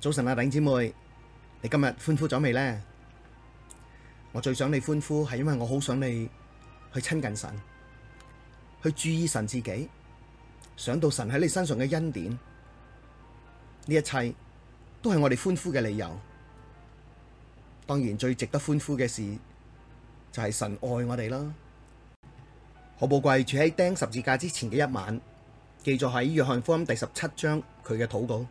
早晨啊，頂姐妹，你今日歡呼咗未呢？我最想你歡呼，係因為我好想你去親近神，去注意神自己，想到神喺你身上嘅恩典，呢一切都係我哋歡呼嘅理由。當然，最值得歡呼嘅事就係神愛我哋啦。何寶貴，住喺釘十字架之前嘅一晚，記載喺約翰福音第十七章佢嘅禱告。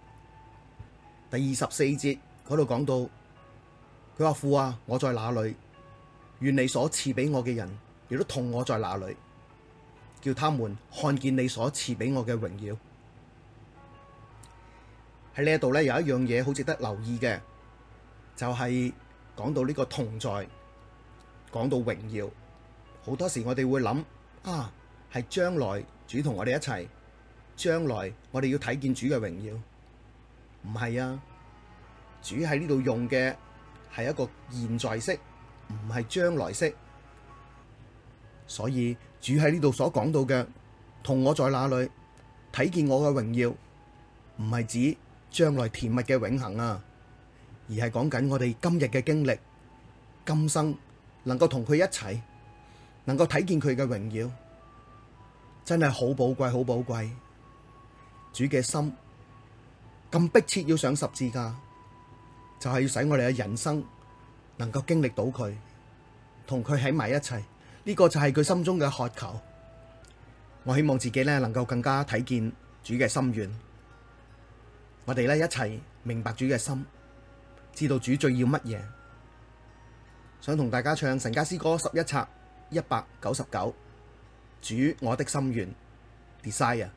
第二十四節嗰度講到，佢話父啊，我在那裡，願你所賜俾我嘅人，亦都同我在那裡，叫他們看見你所賜俾我嘅榮耀。喺呢一度咧，有一樣嘢好值得留意嘅，就係講到呢個同在，講到榮耀。好多時我哋會諗啊，係將來主同我哋一齊，將來我哋要睇見主嘅榮耀。唔係啊，主喺呢度用嘅係一個現在式，唔係將來式。所以主喺呢度所講到嘅，同我在那裡睇見我嘅榮耀，唔係指將來甜蜜嘅永恒啊，而係講緊我哋今日嘅經歷，今生能夠同佢一齊，能夠睇見佢嘅榮耀，真係好寶貴，好寶貴。主嘅心。咁迫切要上十字架，就係、是、要使我哋嘅人生能夠經歷到佢，同佢喺埋一齊。呢、這個就係佢心中嘅渴求。我希望自己呢能夠更加睇見主嘅心願，我哋呢一齊明白主嘅心，知道主最要乜嘢。想同大家唱神家詩歌十一冊一百九十九，主我的心願，desire。Des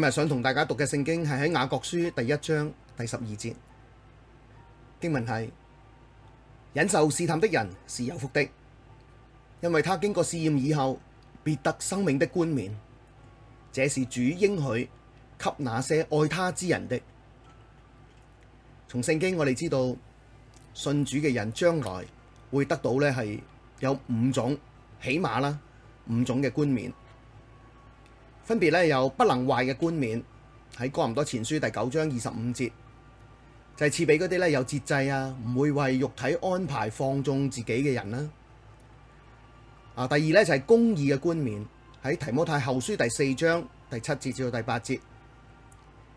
今日想同大家讀嘅聖經係喺雅各書第一章第十二節，經文係忍受試探的人是有福的，因為他經過試驗以後，必得生命的冠冕。這是主應許給那些愛他之人的。從聖經我哋知道，信主嘅人將來會得到呢係有五種，起碼啦，五種嘅冠冕。分別咧有不能壞嘅冠冕，喺哥林多前書第九章二十五節，就係賜俾嗰啲咧有節制啊，唔會為肉體安排放縱自己嘅人啦。啊，第二咧就係公義嘅冠冕，喺提摩太後書第四章第七節至到第八節，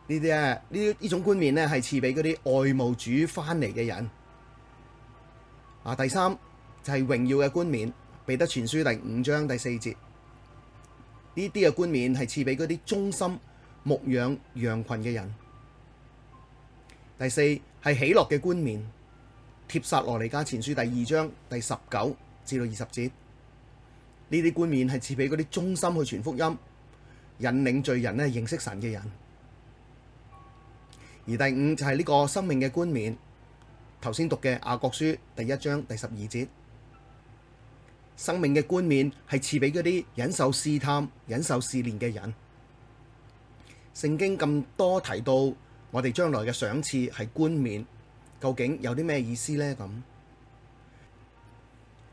呢啲咧呢呢種冠冕咧係賜俾嗰啲愛慕主翻嚟嘅人。啊，第三就係榮耀嘅冠冕，彼得前書第五章第四節。呢啲嘅冠冕係賜俾嗰啲忠心牧養羊、羊群嘅人。第四係喜樂嘅冠冕，帖撒羅尼加前書第二章第十九至到二十節。呢啲冠冕係賜俾嗰啲忠心去傳福音、引領罪人咧認識神嘅人。而第五就係呢個生命嘅冠冕，頭先讀嘅雅各書第一章第十二節。生命嘅冠冕係賜俾嗰啲忍受試探、忍受試煉嘅人。聖經咁多提到我哋將來嘅賞賜係冠冕，究竟有啲咩意思呢？咁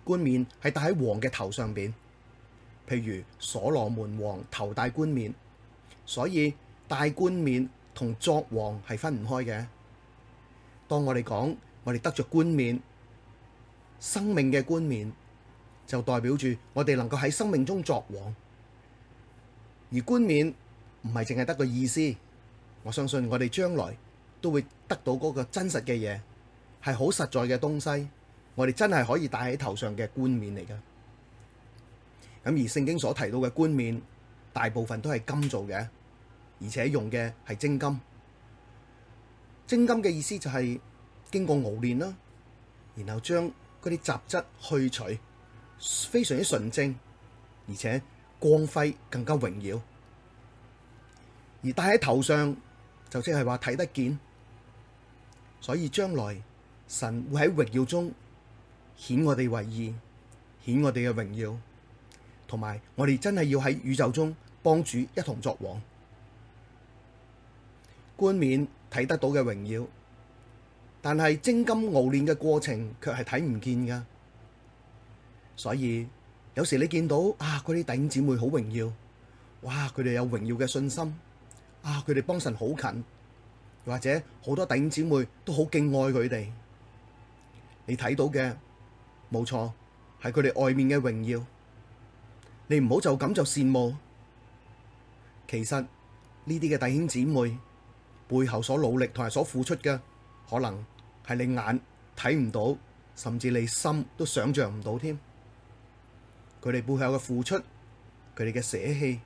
冠冕係戴喺王嘅頭上邊，譬如所羅門王頭戴冠冕，所以戴冠冕同作王係分唔開嘅。當我哋講我哋得著冠冕，生命嘅冠冕。就代表住我哋能夠喺生命中作王，而冠冕唔係淨係得個意思。我相信我哋將來都會得到嗰個真實嘅嘢，係好實在嘅東西。我哋真係可以戴喺頭上嘅冠冕嚟㗎。咁而聖經所提到嘅冠冕，大部分都係金做嘅，而且用嘅係精金。精金嘅意思就係經過熬煉啦，然後將嗰啲雜質去除。非常之純正，而且光輝更加榮耀，而戴喺頭上就即係話睇得見，所以將來神會喺榮耀中顯我哋為義，顯我哋嘅榮耀，同埋我哋真係要喺宇宙中幫主一同作王，冠冕睇得到嘅榮耀，但係精金熬煉嘅過程卻係睇唔見噶。所以有時你見到啊，嗰啲弟兄姊妹好榮耀，哇！佢哋有榮耀嘅信心啊，佢哋幫神好近，或者好多弟兄姊妹都好敬愛佢哋。你睇到嘅冇錯係佢哋外面嘅榮耀，你唔好就咁就羨慕。其實呢啲嘅弟兄姊妹背後所努力同埋所付出嘅，可能係你眼睇唔到，甚至你心都想象唔到添。佢哋背後嘅付出，佢哋嘅捨棄，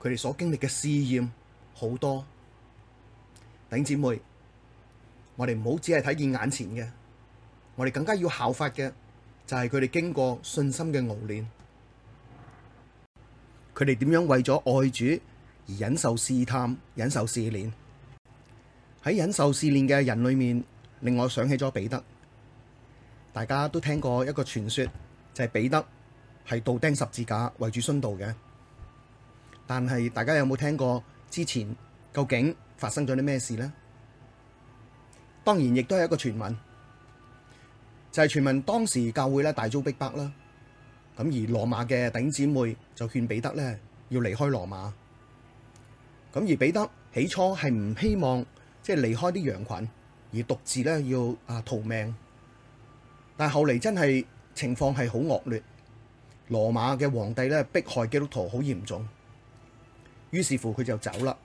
佢哋所經歷嘅試驗好多，弟姐妹，我哋唔好只係睇見眼前嘅，我哋更加要效法嘅就係佢哋經過信心嘅熬煉，佢哋點樣為咗愛主而忍受試探、忍受試煉，喺忍受試煉嘅人裏面，令我想起咗彼得，大家都聽過一個傳說，就係彼得。係倒釘十字架，為主殉道嘅。但係大家有冇聽過之前究竟發生咗啲咩事呢？當然亦都係一個傳聞，就係傳聞當時教會咧大遭逼迫啦。咁而羅馬嘅頂姊妹就勸彼得呢要離開羅馬。咁而彼得起初係唔希望即係離開啲羊群而獨自咧要啊逃命，但係後嚟真係情況係好惡劣。羅馬嘅皇帝呢，迫害基督徒好嚴重，於是乎佢就走啦。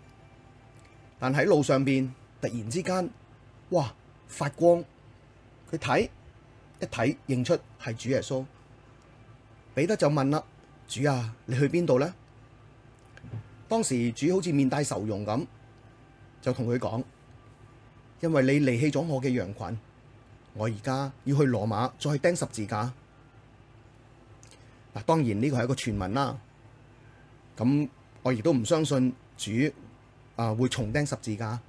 但喺路上邊突然之間，哇發光！佢睇一睇認出係主耶穌。彼得就問啦：主啊，你去邊度呢？當時主好似面帶愁容咁，就同佢講：因為你離棄咗我嘅羊群，我而家要去羅馬再去釘十字架。嗱，當然呢個係一個傳聞啦。咁我亦都唔相信主啊會重釘十字架。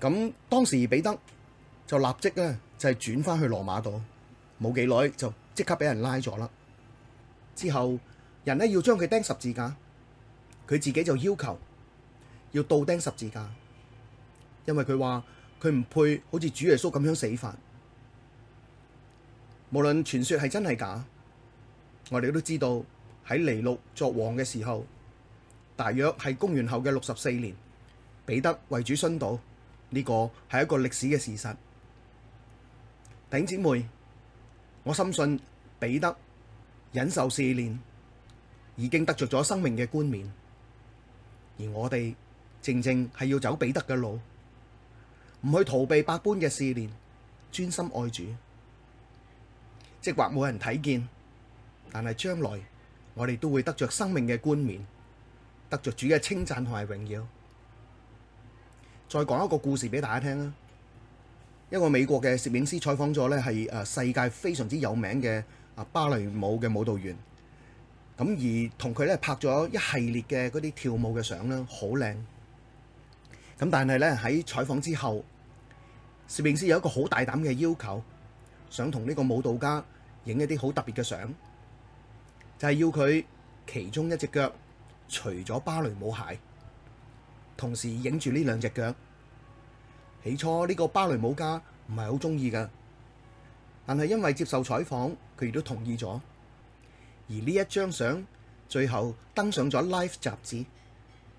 咁當時彼得就立即咧就轉翻去羅馬度，冇幾耐就即刻俾人拉咗啦。之後人咧要將佢釘十字架，佢自己就要求要倒釘十字架，因為佢話佢唔配好似主耶穌咁樣死法。無論傳說係真係假，我哋都知道喺尼禄作王嘅時候，大約係公元後嘅六十四年，彼得為主殉道，呢、這個係一個歷史嘅事實。弟兄姐妹，我深信彼得忍受試煉已經得着咗生命嘅冠冕，而我哋正正係要走彼得嘅路，唔去逃避百般嘅試煉，專心愛主。即或冇人睇見，但係將來我哋都會得着生命嘅冠冕，得着主嘅稱讚同埋榮耀。再講一個故事俾大家聽啦。一個美國嘅攝影師採訪咗咧係誒世界非常之有名嘅啊芭蕾舞嘅舞蹈員，咁而同佢咧拍咗一系列嘅嗰啲跳舞嘅相呢，好靚。咁但係呢，喺採訪之後，攝影師有一個好大膽嘅要求。想同呢個舞蹈家影一啲好特別嘅相，就係要佢其中一隻腳除咗芭蕾舞鞋，同時影住呢兩隻腳。起初呢個芭蕾舞家唔係好中意嘅，但係因為接受採訪，佢亦都同意咗。而呢一張相最後登上咗《Life》雜誌，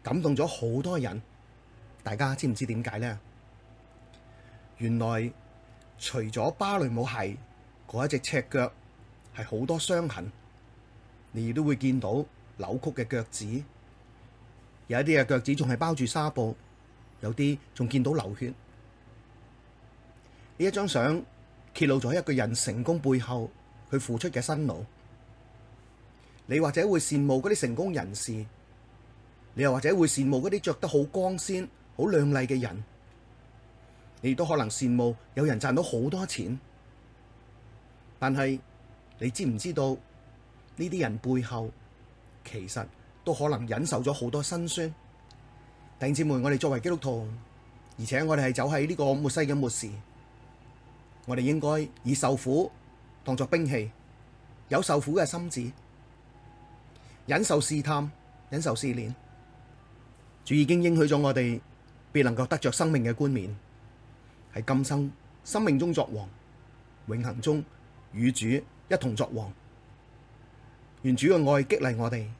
感動咗好多人。大家知唔知點解呢？原來，除咗芭蕾舞鞋，嗰一隻赤腳，係好多傷痕，你亦都會見到扭曲嘅腳趾，有一啲嘅腳趾仲係包住紗布，有啲仲見到流血。呢一張相揭露咗一個人成功背後佢付出嘅辛勞，你或者會羨慕嗰啲成功人士，你又或者會羨慕嗰啲着得好光鮮、好靚麗嘅人。你都可能羨慕有人賺到好多錢，但係你知唔知道呢啲人背後其實都可能忍受咗好多辛酸。弟兄姊妹，我哋作為基督徒，而且我哋係走喺呢個末世嘅末時，我哋應該以受苦當作兵器，有受苦嘅心志，忍受試探、忍受試煉。主已經應許咗我哋，必能夠得着生命嘅冠冕。喺今生生命中作王，永恒中與主一同作王。願主嘅愛激勵我哋。